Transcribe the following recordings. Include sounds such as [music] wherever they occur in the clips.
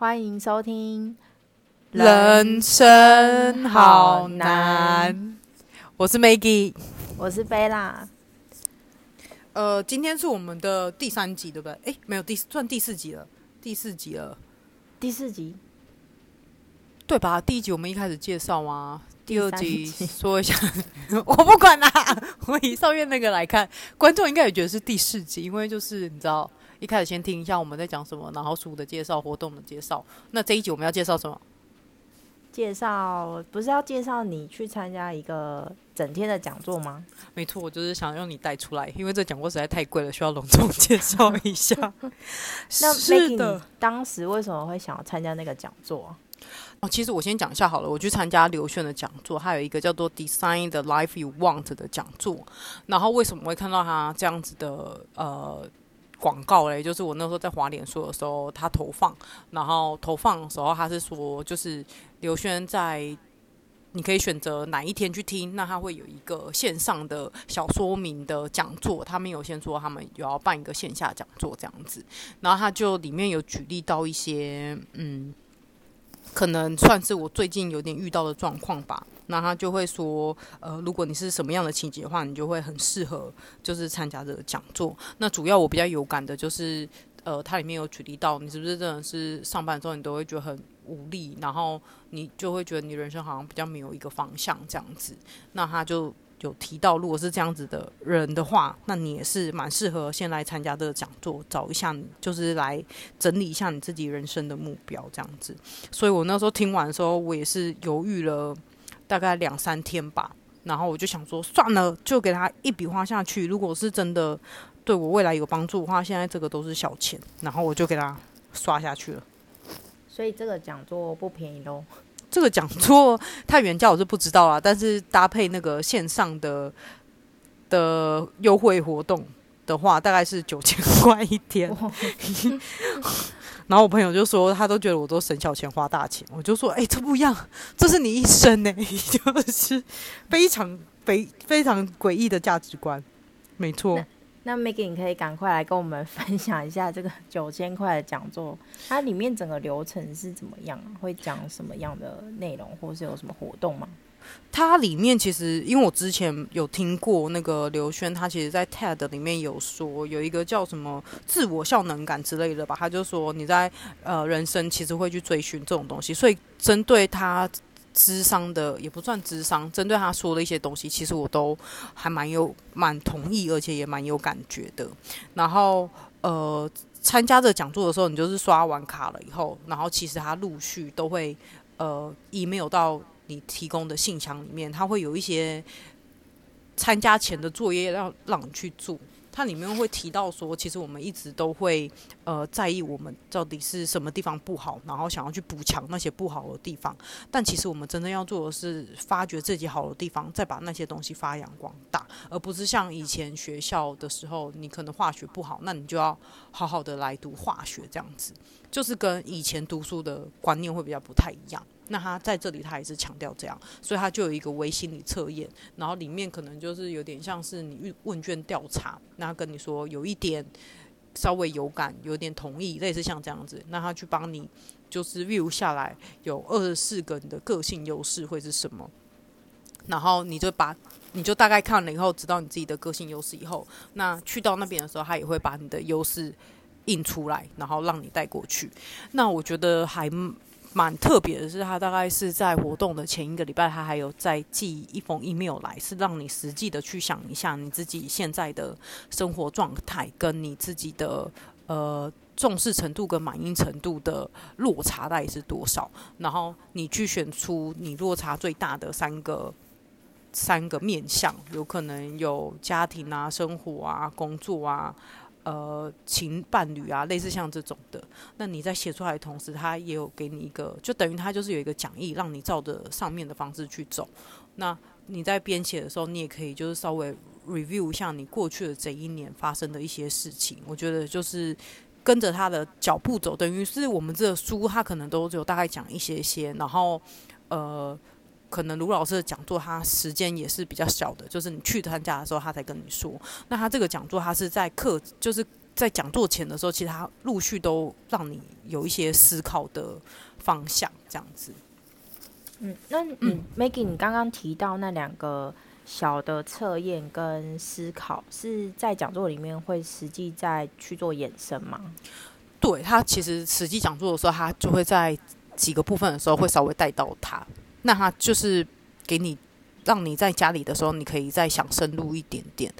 歡迎收聽《人生好難》，我是 Maggie，我是貝拉。呃，今天是我們的第三集，對不對？誒，沒有第四，算第四集了，第四集了，第四集，對吧？第一集我們一開始介紹啊，第二集說一下， [laughs] 我不管啦、啊，我以上面那個來看，觀眾應該也覺得是第四集，因為就是你知道。一開始先聽一下我們在講什麼，然後書的介紹、活動的介紹。那這一集我們要介紹什麼？介紹不是要介紹你去參加一個整天的講座嗎？沒錯，我就是想讓你帶出來，因為這講座實在太貴了，需要隆重介紹一下。那 Maggie，是的，你當時為什麼會想要參加那個講座？哦，其實我先講一下好了。我去參加劉軒的講座，還有一個叫做 “Design the Life You Want” 的講座。然後為什麼會看到他這樣子的？呃。廣告嘞，就是我那時候在滑臉書的時候，他投放，然後投放的時候他是說，就是劉軒在，你可以選擇哪一天去聽，那他會有一個線上的小說明的講座，他沒有先說他們有要辦一個線下講座這樣子，然後他就裡面有舉例到一些，嗯。可能算是我最近有點遇到的狀況吧。那他就會說，呃，如果你是什麼樣的情節的話，你就會很適合就是參加這個講座。那主要我比較有感的就是，呃，它裡面有舉例到你是不是真的是上班的時候你都會覺得很無力，然後你就會覺得你人生好像比較沒有一個方向這樣子。那他就。有提到，如果是這樣子的人的話，那你也是蠻適合先來參加這個講座，找一下你，就是來整理一下你自己人生的目標這樣子。所以我那時候聽完的時候，我也是猶豫了大概兩三天吧，然後我就想說，算了，就給他一筆畫下去。如果是真的對我未來有幫助的話，現在這個都是小錢，然後我就給他刷下去了。所以這個講座不便宜嘍。這個講座它原價我是不知道啦，但是搭配那個線上的的優惠活動的話，大概是九千塊一天。 [laughs] 然後我朋友就說，他都覺得我都省小錢花大錢，我就說，哎、欸，這不一樣，這是你一生呢、欸， [laughs] 就是非常非非常詭異的價值觀，沒錯。那 Maggie，你可以趕快來跟我們分享一下這個九千塊的講座，它裡面整個流程是怎麼樣？會講什麼樣的內容，或是有什麼活動嗎？它裡面其實，因為我之前有聽過那個劉軒，他其實在 TED 裡面有說有一個叫什麼自我效能感之類的吧，他就說你在呃人生其實會去追尋這種東西，所以針對他。諮商的也不算諮商，針對他說的一些東西，其實我都還蠻有蠻同意，而且也蠻有感覺的。然後，呃，參加這講座的時候，你就是刷完卡了以後，然後其實他陸續都會，呃，email 到你提供的信箱裡面，他會有一些參加前的作業讓讓你去做。它裡面會提到說，其實我們一直都會呃在意我們到底是什麼地方不好，然後想要去補強那些不好的地方。但其實我們真的要做的是發掘自己好的地方，再把那些東西發揚光大，而不是像以前學校的時候，你可能化學不好，那你就要好好的來讀化學這樣子，就是跟以前讀書的觀念會比較不太一樣。那他在這裡，他也是強調這樣，所以他就有一個微心理測驗，然後裡面可能就是有點像是你問卷調查，那他跟你說有一點稍微有感，有點同意，類似像這樣子，那他去幫你就是 view 下來有二十四個你的個性優勢會是什麼，然後你就把你就大概看了以後，知道你自己的個性優勢以後，那去到那邊的時候，他也會把你的優勢印出來，然後讓你帶過去，那我覺得還。蠻特別的是，他大概是在活動的前一個禮拜，他還有再寄一封 email 來，是讓你實際的去想一下你自己現在的生活狀態，跟你自己的呃重視程度跟滿意程度的落差大概是多少，然後你去選出你落差最大的三個三個面向，有可能有家庭啊、生活啊、工作啊。呃，情伴侶啊，類似像這種的，那你在寫出來的同時，他也有給你一個，就等於他就是有一個講義，讓你照着上面的方式去走。那你在編寫的時候，你也可以就是稍微 review 一下你過去的這一年發生的一些事情。我覺得就是跟着他的腳步走，等於是我們這個書，他可能都只有大概講一些些，然後呃。可能劉老師的講座，他時間也是比較小的，就是你去參加的時候，他才跟你說。那他這個講座，他是在課，就是在講座前的時候，其實他陸續都讓你有一些思考的方向，這樣子。嗯，那嗯，Maggie，你剛剛提到那兩個小的測驗跟思考，是在講座裡面會實際再去做衍生嗎？對，他其實實際講座的時候，他就會在幾個部分的時候會稍微帶到他。那他就是給你讓你在家裡的時候，你可以再想深入一點點。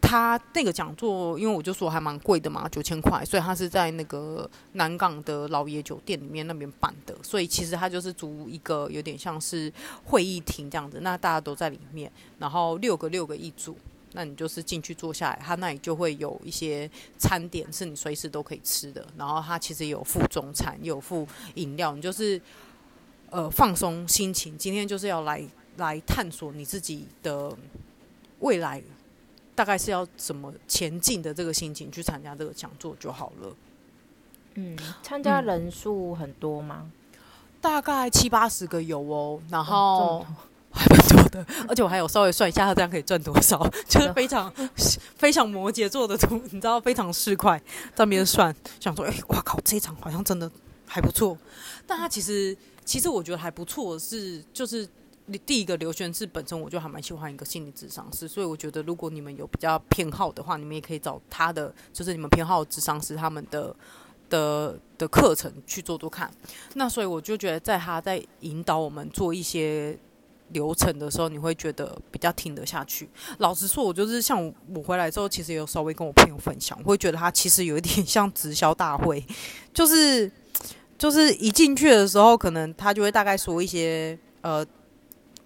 他那個講座，因為我就說還蠻貴的嘛，九千塊，所以他是在那個南港的老爺酒店裡面那邊辦的。所以其實他就是租一個有點像是會議廳這樣子，那大家都在裡面，然後六個六個一組，那你就是進去坐下來，他那裡就會有一些餐點是你隨時都可以吃的，然後他其實有附中餐，有附飲料，你就是。呃，放鬆心情，今天就是要來來探索你自己的未來，大概是要怎麼前進的這個心情去參加這個講座就好了。嗯，參加人數很多嗎？嗯？大概七八十個有哦，然後、嗯、還蠻多的。而且我還有稍微算一下，他這樣可以賺多少，嗯、 [laughs] 就是非常的非常摩羯座的圖，你知道非常市儈，上面算，嗯、想說，哎、欸，我靠，這一場好像真的還不錯，但他其實。其實我覺得還不錯，是就是第一個劉軒志本身，我就還蠻喜歡一個心理諮商師，所以我覺得如果你們有比較偏好的話，你們也可以找他的，就是你們偏好的諮商師、他們的的的課程去做做看。那所以我就覺得在他在引導我們做一些流程的時候，你會覺得比較聽得下去。老實說，我就是像我回來之後，其實有稍微跟我朋友分享，我會覺得他其實有一點像直銷大會，就是。就是一進去的時候，可能他就會大概說一些呃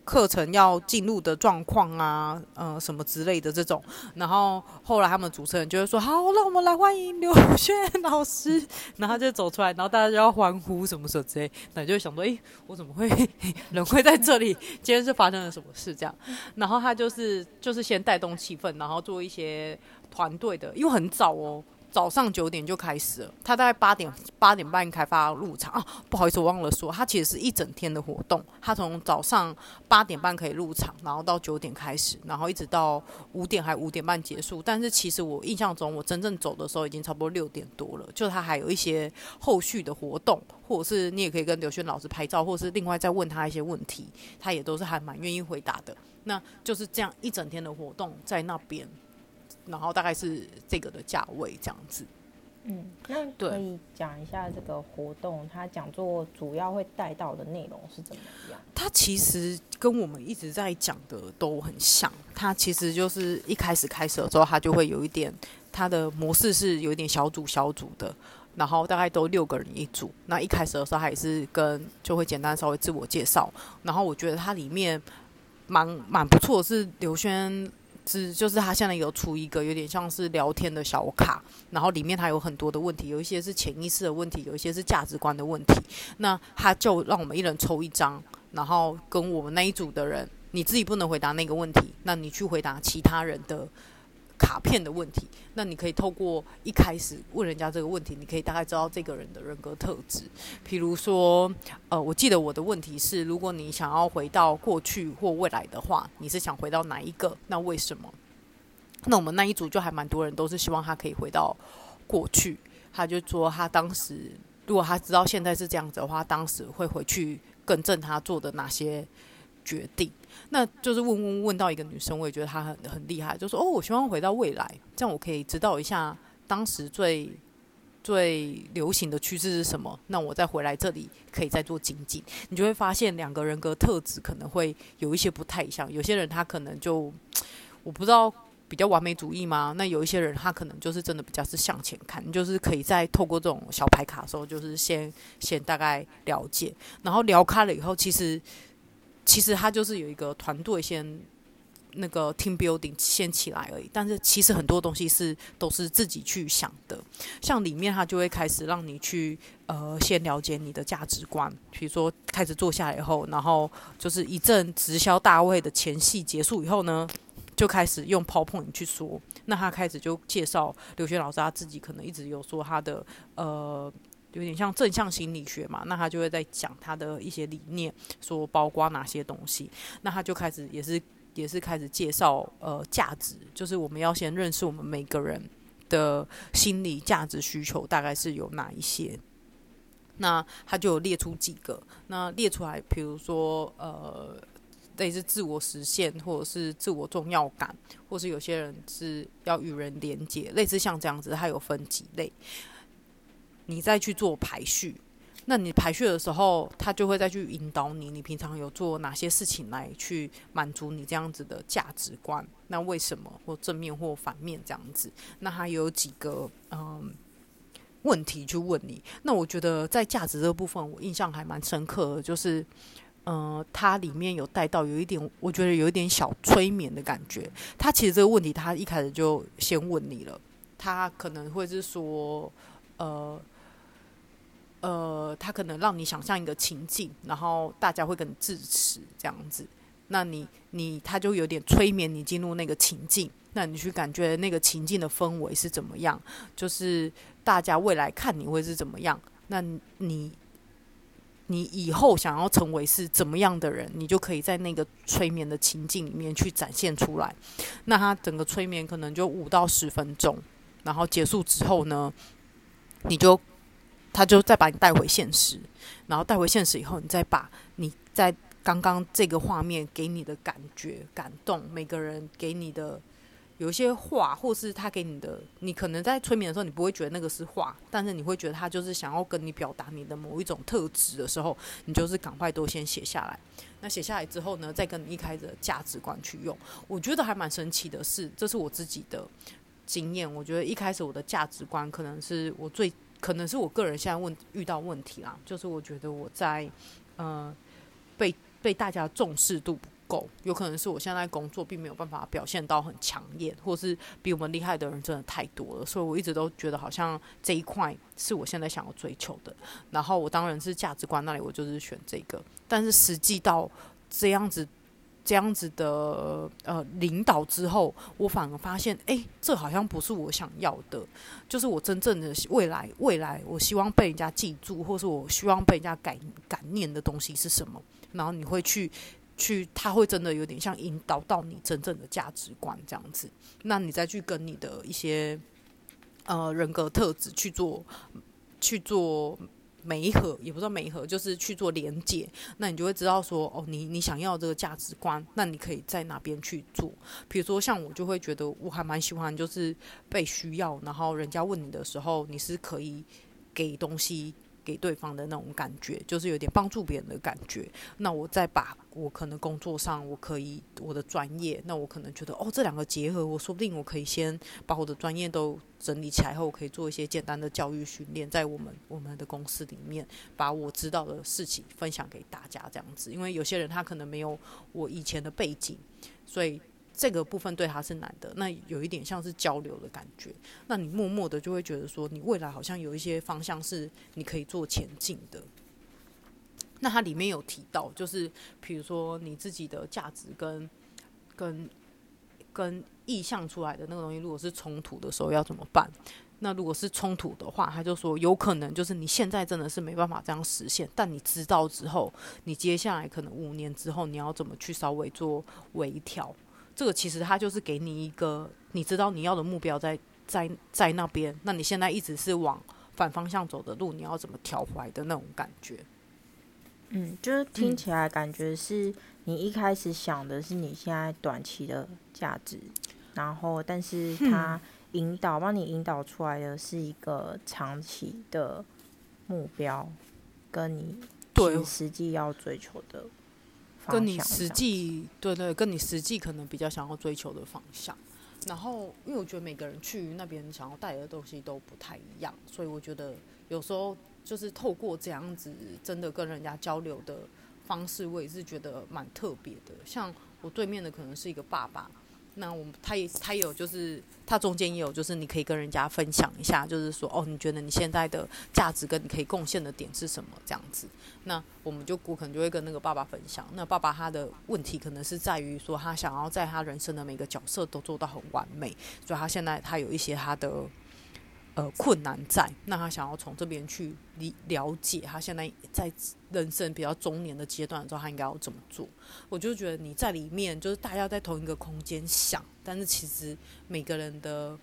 課程要進入的狀況啊，呃什麼之類的這種。然後後來他們主持人就會說：“好，讓我們來歡迎劉軒老師。”然後就走出來，然後大家就要歡呼什麼什麼之類。那就想說：“哎、欸，我怎麼會能會在這裡？今天是發生了什麼事？”這樣。然後他就是就是先帶動氣氛，然後做一些團隊的，因為很早哦。早上九點就開始了，他大概八點八點半開放入場啊。不好意思，我忘了說，他其實是一整天的活動，他從早上八點半可以入場，然後到九點開始，然後一直到五點還五點半結束。但是其實我印象中，我真正走的時候已經差不多六點多了，就他還有一些後續的活動，或者是你也可以跟劉軒老師拍照，或者是另外再問他一些問題，他也都是還蠻願意回答的。那就是這樣一整天的活動在那邊。然後大概是這個的價位這樣子，嗯，那可以講一下這個活動，他講對座主要會帶到的內容是怎麼樣？他其實跟我們一直在講的都很像，他其實就是一開始開始的時候，他就會有一點，他的模式是有一點小組小組的，然後大概都六個人一組。那一開始的時候，他也是跟就會簡單稍微自我介紹，然後我覺得他裡面蠻蠻不錯，是劉軒。只就是他現在有出一個有點像是聊天的小卡，然後裡面他有很多的問題，有一些是潛意識的問題，有一些是價值觀的問題。那他就讓我們一人抽一張，然後跟我們那一組的人，你自己不能回答那個問題，那你去回答其他人的。卡片的問題，那你可以透過一開始問人家這個問題，你可以大概知道這個人的人格特質。譬如說，呃，我記得我的問題是，如果你想要回到過去或未來的話，你是想回到哪一個？那為什麼？那我們那一組就還蠻多人都是希望他可以回到過去。他就說，他當時如果他知道現在是這樣子的話，當時會回去更正他做的哪些決定。那就是問問問到一個女生，我也覺得她很很厲害，就是哦，我希望回到未來，這樣我可以知道一下當時最最流行的趨勢是什麼。那我再回來這裡可以再做精進，你就會發現兩個人格特質可能會有一些不太一樣。有些人他可能就我不知道比較完美主義嘛，那有一些人他可能就是真的比較是向前看，就是可以再透過這種小牌卡的時候，就是先先大概了解，然後聊開了以後，其實。其實他就是有一個團隊先那個 team building 先起來而已，但是其實很多東西是都是自己去想的。像裡面他就會開始讓你去呃先了解你的價值觀，比如說開始坐下來以後，然後就是一陣直銷大會的前戲結束以後呢，就開始用 PowerPoint 去說。那他開始就介紹劉軒老師，他自己可能一直有說他的呃。有點像正向心理學嘛，那他就會在講他的一些理念，說包括哪些東西。那他就開始也是也是開始介紹呃價值，就是我們要先認識我們每個人的心理價值需求大概是有哪一些。那他就列出幾個，那列出來比如說呃，類似自我實現或者是自我重要感，或者是有些人是要與人連接，類似像這樣子，他有分幾類。你再去做排序，那你排序的時候，他就會再去引導你。你平常有做哪些事情來去滿足你這樣子的價值觀？那為什麼或正面或反面這樣子？那他有幾個嗯問題去問你。那我覺得在價值這個部分，我印象還蠻深刻的，就是嗯、呃，它裡面有帶到有一點，我覺得有一點小催眠的感覺。他其實這個問題，他一開始就先問你了，他可能會是說呃。呃，他可能讓你想象一個情境，然後大家會跟你支持這樣子。那你你，他就有點催眠你進入那個情境。那你去感覺那個情境的氛圍是怎麼樣？就是大家未來看你會是怎麼樣？那你你以後想要成為是怎麼樣的人，你就可以在那個催眠的情境裡面去展現出來。那他整個催眠可能就五到十分鐘，然後結束之後呢，你就他就再把你帶回現實，然後帶回現實以後，你再把你在剛剛這個畫面給你的感覺、感動，每個人給你的有一些話，或是他給你的，你可能在催眠的時候，你不會覺得那個是話，但是你會覺得他就是想要跟你表達你的某一種特質的時候，你就是趕快都先寫下來。那寫下來之後呢，再跟你一開始的價值觀去用，我覺得還蠻神奇的。是，這是我自己的經驗。我覺得一開始我的價值觀可能是我最。可能是我個人現在問遇到問題啦，就是我覺得我在，嗯、呃、被被大家重視度不夠，有可能是我現在工作並沒有辦法表現到很強烈，或是比我們厲害的人真的太多了，所以我一直都覺得好像這一塊是我現在想要追求的。然後我當然是價值觀那裡我就是選這個，但是實際到這樣子。這樣子的呃領導之後，我反而發現，誒、欸，這好像不是我想要的。就是我真正的未來，未來我希望被人家記住，或是我希望被人家感感念的東西是什麼？然後你會去去，他會真的有點像引導到你真正的價值觀這樣子。那你再去跟你的一些呃人格特質去做去做。去做。每一盒也不知道每一盒，就是去做連接。那你就會知道說，哦，你你想要這個價值觀，那你可以在哪邊去做。比如說，像我就會覺得，我還蠻喜歡就是被需要，然後人家問你的時候，你是可以給東西。給對方的那種感覺，就是有點幫助別人的感覺。那我再把我可能工作上我可以我的專業，那我可能覺得哦，這兩個結合，我說不定我可以先把我的專業都整理起來後，我可以做一些簡單的教育訓練，在我們我們的公司裡面，把我知道的事情分享給大家，這樣子。因為有些人他可能沒有我以前的背景，所以。這個部分對他是難的，那有一點像是交流的感覺，那你默默的就會覺得說，你未來好像有一些方向是你可以做前進的。那它裡面有提到，就是譬如說你自己的價值跟跟跟意向出來的那個東西，如果是衝突的時候要怎麼辦？那如果是衝突的話，他就說有可能就是你現在真的是沒辦法這樣實現，但你知道之後，你接下來可能五年之後你要怎麼去稍微做微調。這個其實他就是給你一個，你知道你要的目標在在在那邊，那你現在一直是往反方向走的路，你要怎麼調回來的那種感覺？嗯，就是聽起來感覺是你一開始想的是你現在短期的價值，然後，但是他引導幫、嗯、你引導出來的是一個長期的目標，跟你實際要追求的。跟你實際對對，跟你實際可能比較想要追求的方向，然後因為我覺得每個人去那邊想要帶的東西都不太一樣，所以我覺得有時候就是透過這樣子真的跟人家交流的方式，我也是覺得蠻特別的。像我對面的可能是一個爸爸。那我們他，他也他有就是他中間也有就是你可以跟人家分享一下，就是說哦，你覺得你現在的價值跟你可以貢獻的點是什麼這樣子？那我們就我可能就會跟那個爸爸分享。那爸爸他的問題可能是在於說，他想要在他人生的每個角色都做到很完美，所以他現在他有一些他的。呃，困難在，那他想要從這邊去理了解，他現在在人生比較中年的階段的時候，他應該要怎麼做？我就覺得你在裡面，就是大家在同一個空間想，但是其實每個人的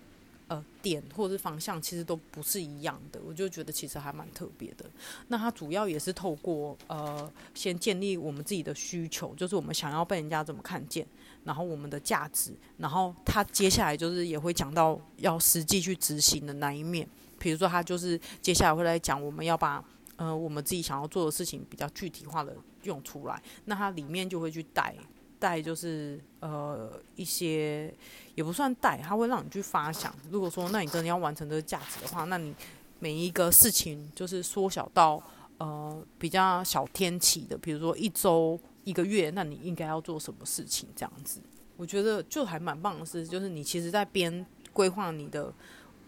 呃點或者是方向其實都不是一樣的，我就覺得其實還蠻特別的。那他主要也是透過呃，先建立我們自己的需求，就是我們想要被人家怎麼看見。然後我們的價值，然後他接下來就是也會講到要實際去執行的那一面。比如說，他就是接下來會來講，我們要把呃我們自己想要做的事情比較具體化的用出來。那它裡面就會去帶帶就是呃一些也不算帶，它會讓你去發想。如果說那你真的要完成這個價值的話，那你每一個事情就是縮小到呃比較小天期的，比如說一周，一個月，那你應該要做什麼事情？這樣子，我覺得就還蠻棒的事，就是你其實在邊規劃你的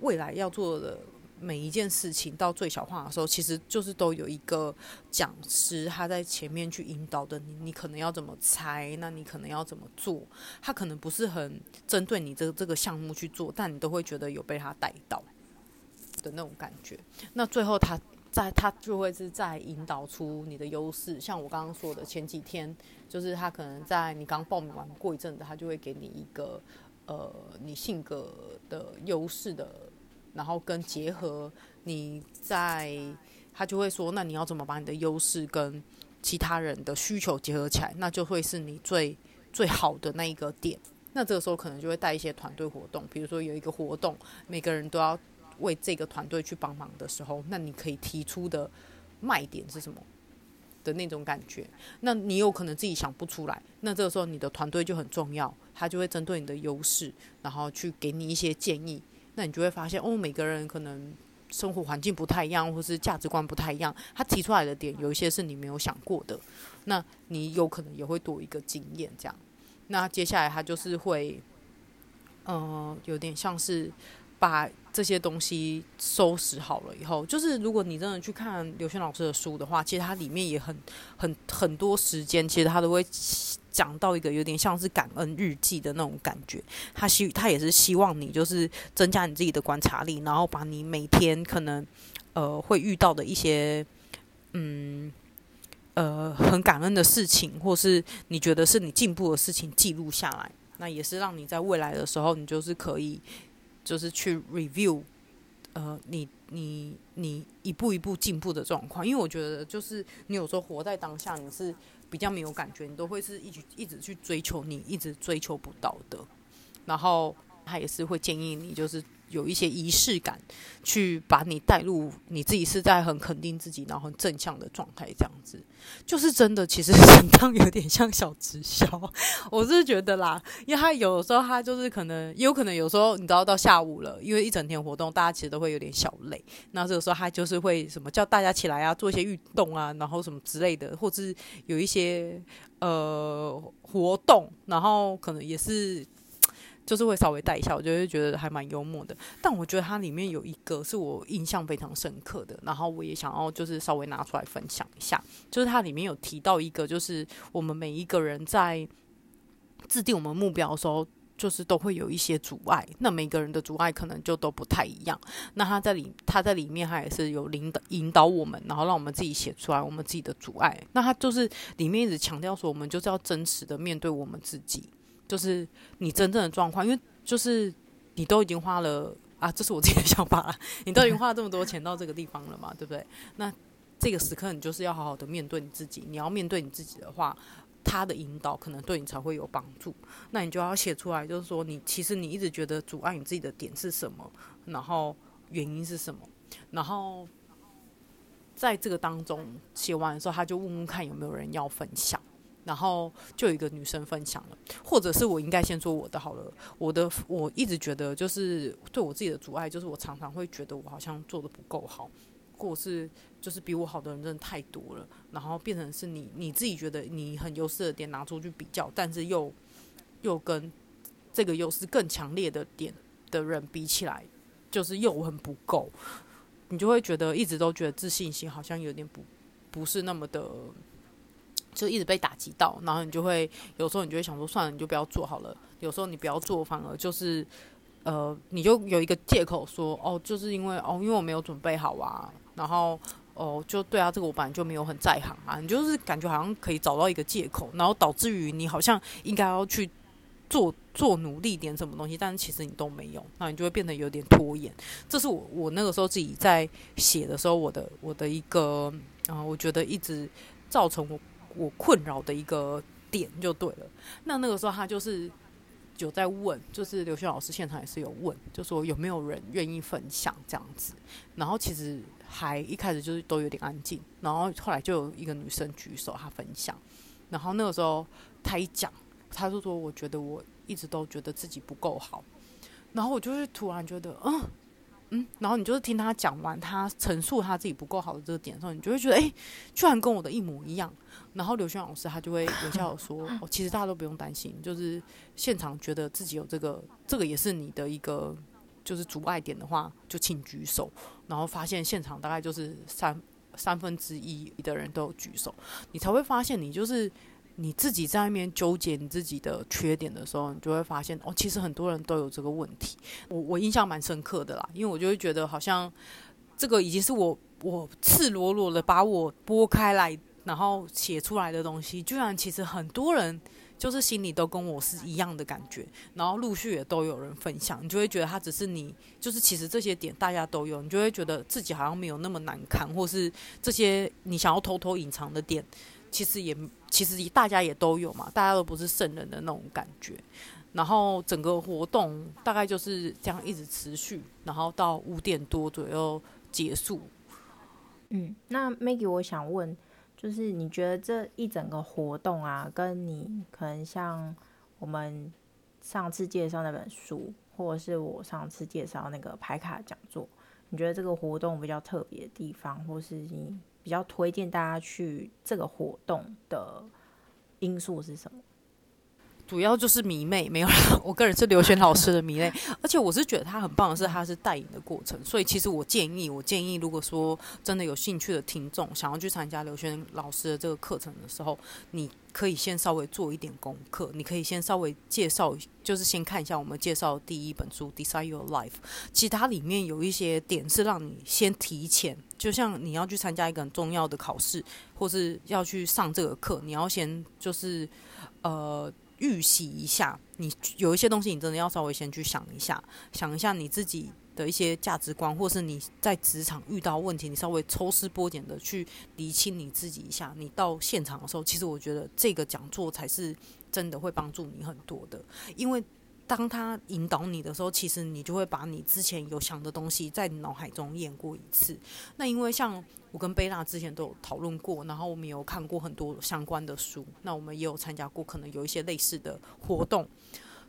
未來要做的每一件事情到最小化的時候，其實就是都有一個講師他在前面去引導的你，你可能要怎麼猜，那你可能要怎麼做，他可能不是很針對你這個、這個項目去做，但你都會覺得有被他帶到的那種感覺。那最後他。在，他就會是在引導出你的優勢，像我剛剛說的，前幾天就是他可能在你剛報名完過一陣子，他就會給你一個，呃，你性格的優勢的，然後跟結合你在，他就會說，那你要怎麼把你的優勢跟其他人的需求結合起來，那就會是你最最好的那一個點。那這個時候可能就會帶一些團隊活動，比如說有一個活動，每個人都要。為這個團隊去幫忙的時候，那你可以提出的賣點是什麼的那種感覺？那你有可能自己想不出來，那這個時候你的團隊就很重要，他就會針對你的優勢，然後去給你一些建議。那你就會發現，哦，每個人可能生活環境不太一樣，或是價值觀不太一樣，他提出來的點有一些是你沒有想過的，那你有可能也會多一個經驗。這樣，那接下來他就是會，嗯、呃，有點像是。把這些東西收拾好了以後，就是如果你真的去看劉軒老師的書的話，其實它裡面也很很很多時間，其實他都會講到一個有點像是感恩日記的那種感覺。他希他也是希望你就是增加你自己的觀察力，然後把你每天可能呃會遇到的一些嗯呃很感恩的事情，或是你覺得是你進步的事情記錄下來，那也是讓你在未來的時候，你就是可以。就是去 review，呃，你你你一步一步進步的狀況，因為我覺得就是你有時候活在當下，你是比較沒有感覺，你都會是一直一直去追求你一直追求不到的，然後他也是會建議你就是。有一些儀式感，去把你帶入你自己是在很肯定自己，然後很正向的狀態，這樣子就是真的。其實相當有點像小直銷，我是覺得啦，因為他有時候他就是可能也有可能有時候你都要到下午了，因為一整天活動大家其實都會有點小累，那這個時候他就是會什麼叫大家起來啊，做一些運動啊，然後什麼之類的，或者是有一些呃活動，然後可能也是。就是會稍微帶一下，我就會覺得還蠻幽默的。但我覺得它裡面有一個是我印象非常深刻的，然後我也想要就是稍微拿出來分享一下。就是它裡面有提到一個，就是我們每一個人在制定我們目標的時候，就是都會有一些阻礙。那每個人的阻礙可能就都不太一樣。那他在裡，他在裡面，他也是有引導引導我們，然後讓我們自己寫出來我們自己的阻礙。那他就是裡面一直強調說，我們就是要真實的面對我們自己。就是你真正的狀況，因為就是你都已經花了啊，這是我自己的想法了。你都已經花了這麼多錢到這個地方了嘛，對不對？那這個時刻你就是要好好的面對你自己。你要面對你自己的話，他的引導可能對你才會有幫助。那你就要寫出來，就是說你其實你一直覺得阻礙你自己的點是什麼，然後原因是什麼，然後在這個當中寫完的時候，他就問問看有沒有人要分享。然後就有一個女生分享了，或者是我應該先說我的好了。我的我一直覺得就是對我自己的阻礙，就是我常常會覺得我好像做得不夠好，或是就是比我好的人真的太多了，然後變成是你你自己覺得你很優勢的點拿出去比較，但是又又跟這個優勢更強烈的點的人比起來，就是又很不夠，你就會覺得一直都覺得自信心好像有點不不是那麼的。就一直被打擊到，然後你就會有時候你就會想說算了，你就不要做好了。有時候你不要做，反而就是，呃，你就有一個借口說哦，就是因為哦，因為我沒有準備好啊。然後哦，就對啊，這個我本來就沒有很在行啊。你就是感覺好像可以找到一個借口，然後導致於你好像應該要去做做努力點什麼東西，但是其實你都沒有，那你就會變得有點拖延。這是我我那個時候自己在寫的時候，我的我的一個啊，我覺得一直造成我。我困擾的一個點就對了。那那個時候他就是有在問，就是劉軒老師現場也是有問，就說有沒有人願意分享這樣子。然後其實還一開始就是都有點安靜，然後後來就有一個女生舉手，她分享。然後那個時候她一講，她就說，我覺得我一直都覺得自己不夠好，然後我就是突然覺得，嗯。嗯，然後你就是聽他講完，他陳述他自己不夠好的這個點的時候，你就會覺得，哎、欸，居然跟我的一模一樣。然後劉軒老師他就會微笑地說，哦，其實大家都不用擔心，就是現場覺得自己有這個，這個也是你的一個就是阻礙點的話，就請舉手。然後發現現場大概就是三三分之一的人都有舉手，你才會發現你就是。你自己在那邊糾結你自己的缺點的時候，你就會發現哦，其實很多人都有這個問題。我我印象蠻深刻的啦，因為我就會覺得好像這個已經是我我赤裸裸的把我剝開來，然後寫出來的東西，居然其實很多人就是心裡都跟我是一樣的感覺，然後陸續也都有人分享，你就會覺得他只是你就是其實這些點大家都有，你就會覺得自己好像沒有那麼難看，或是這些你想要偷偷隱藏的點，其實也。其實大家也都有嘛，大家都不是聖人的那種感覺，然後整個活動大概就是這樣一直持續，然後到五點多左右結束。嗯，那 Maggie 我想問，就是你覺得這一整個活動啊，跟你可能像我們上次介紹那本書，或者是我上次介紹那個牌卡講座，你覺得這個活動比較特別的地方，或是你？比較推薦大家去這個活動的因素是什麼？主要就是迷妹，沒有啦。我個人是劉軒老師的迷妹， [laughs] 而且我是覺得他很棒的是他是帶領的過程，所以其實我建議我建議，如果說真的有興趣的聽眾想要去參加劉軒老師的這個課程的時候，你可以先稍微做一點功課，你可以先稍微介紹，就是先看一下我們介紹的第一本書《 [music] Decide Your Life》，其實它裡面有一些點是讓你先提前，就像你要去參加一個很重要的考試，或是要去上這個課，你要先就是呃。預習一下，你有一些東西，你真的要稍微先去想一下，想一下你自己的一些價值觀，或是你在職場遇到問題，你稍微抽絲剝繭的去釐清你自己一下，你到現場的時候，其實我覺得這個講座才是真的會幫助你很多的，因為。當他引導你的時候，其實你就會把你之前有想的東西在腦海中演過一次。那因為像我跟貝娜之前都有討論過，然後我們有看過很多相關的書，那我們也有參加過可能有一些類似的活動。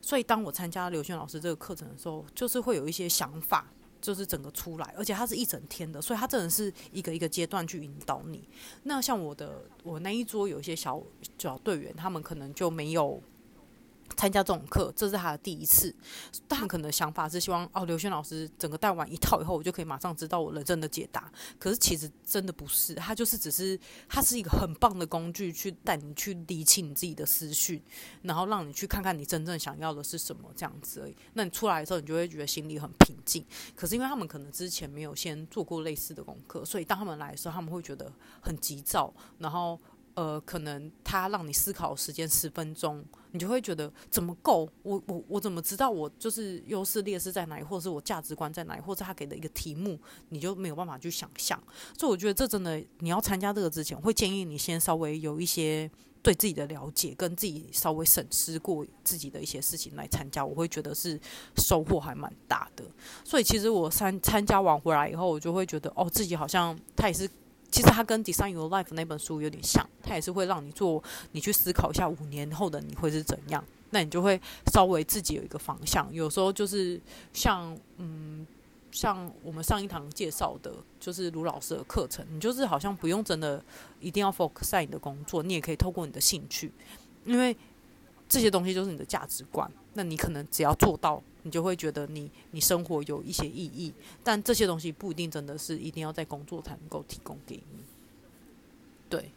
所以當我參加劉軒老師這個課程的時候，就是會有一些想法，就是整個出來，而且它是一整天的，所以它真的是一個一個階段去引導你。那像我的我那一桌有一些小小隊員，他們可能就沒有。參加這種課，這是他的第一次，但可能想法是希望哦，劉軒老師整個帶完一套以後，我就可以馬上知道我人生的解答。可是其實真的不是，他就是只是他是一個很棒的工具，去帶你去理清你自己的思緒，然後讓你去看看你真正想要的是什麼這樣子而已。那你出來的時候，你就會覺得心裡很平靜。可是因為他們可能之前沒有先做過類似的功課，所以當他們來的時候，他們會覺得很急躁，然後。呃，可能他讓你思考時間十分鐘，你就會覺得怎麼夠？我我我怎麼知道我就是優勢劣勢在哪裡，或者我價值觀在哪裡，或者他給的一個題目，你就沒有辦法去想象。所以我覺得這真的，你要參加這個之前，我會建議你先稍微有一些對自己的了解，跟自己稍微審視過自己的一些事情來參加，我會覺得是收穫還蠻大的。所以其實我三參加完回來以後，我就會覺得哦，自己好像他也是。其實它跟《Design Your Life》那本書有點像，它也是會讓你做，你去思考一下五年後的你會是怎樣，那你就會稍微自己有一個方向。有時候就是像嗯，像我們上一堂介紹的，就是盧老師的課程，你就是好像不用真的一定要 focus 在你的工作，你也可以透過你的興趣，因為這些東西就是你的價值觀。那你可能只要做到。你就會覺得你你生活有一些意義，但這些東西不一定真的是一定要在工作才能夠提供給你。對，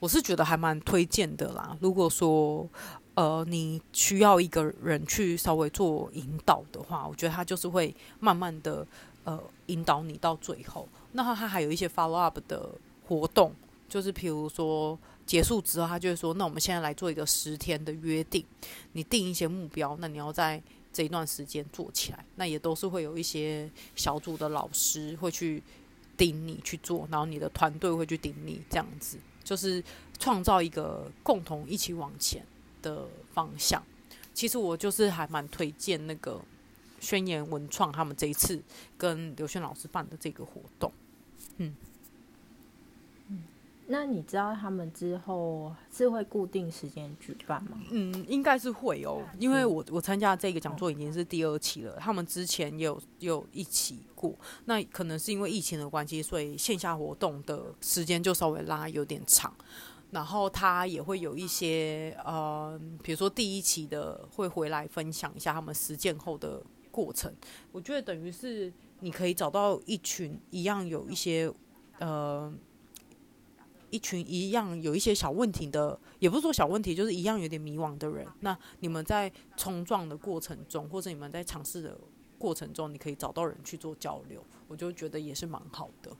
我是覺得還蠻推薦的啦。如果說呃你需要一個人去稍微做引導的話，我覺得他就是會慢慢的呃引導你到最後，那他他還有一些 follow up 的活動。就是，譬如說結束之後，他就會說：“那我們現在來做一個十天的約定，你定一些目標，那你要在這一段時間做起來。那也都是會有一些小組的老師會去盯你去做，然後你的團隊會去盯你，這樣子就是創造一個共同一起往前的方向。其實我就是還蠻推薦那個軒言文創他們這一次跟劉軒老師辦的這個活動，嗯。”那你知道他們之後是會固定時間舉辦嗎？嗯，應該是會哦、喔，因為我我參加這個講座已經是第二期了，嗯、他們之前有有一期過，那可能是因為疫情的關係，所以線下活動的時間就稍微拉有點長，然後他也會有一些呃，比如說第一期的會回來分享一下他們實踐後的過程，我覺得等於是你可以找到一群一樣有一些呃。一群一樣有一些小問題的，也不是說小問題，就是一樣有點迷惘的人。那你們在衝撞的過程中，或者你們在嘗試的過程中，你可以找到人去做交流，我就覺得也是蠻好的。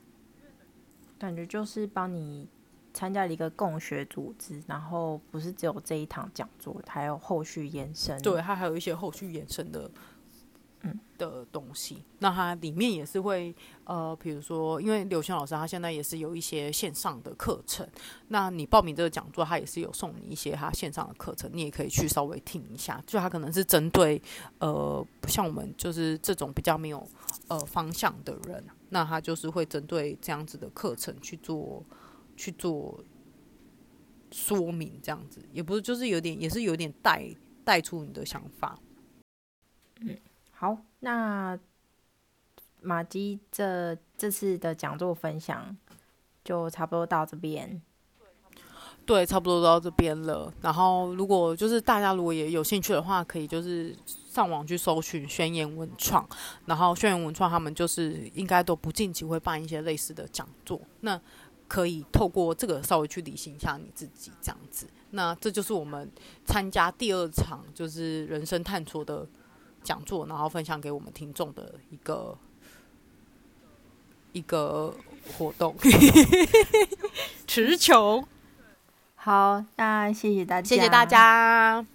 感覺就是幫你參加了一個共學組織，然後不是只有這一堂講座，還有後續延伸。對，它還有一些後續延伸的。嗯，的東西，那它裡面也是會，呃，比如說，因為劉軒老師他現在也是有一些線上的課程，那你報名這個講座，他也是有送你一些他線上的課程，你也可以去稍微聽一下。就他可能是針對，呃，像我們就是這種比較沒有呃方向的人，那他就是會針對這樣子的課程去做去做說明，這樣子也不是就是有點也是有點帶帶出你的想法，嗯。好，那 Maggie 這這次的講座分享就差不多到這邊。對，差不多到這邊了。然後，如果就是大家如果也有興趣的話，可以就是上網去搜尋軒言文創，然後軒言文創他們就是應該都不近期會辦一些類似的講座。那可以透過這個稍微去理清一下你自己這樣子。那這就是我們參加第二場就是人生探索的講座，然後分享給我們聽眾的一個一個活動， [laughs] 持球。好，那謝謝大家，謝謝大家。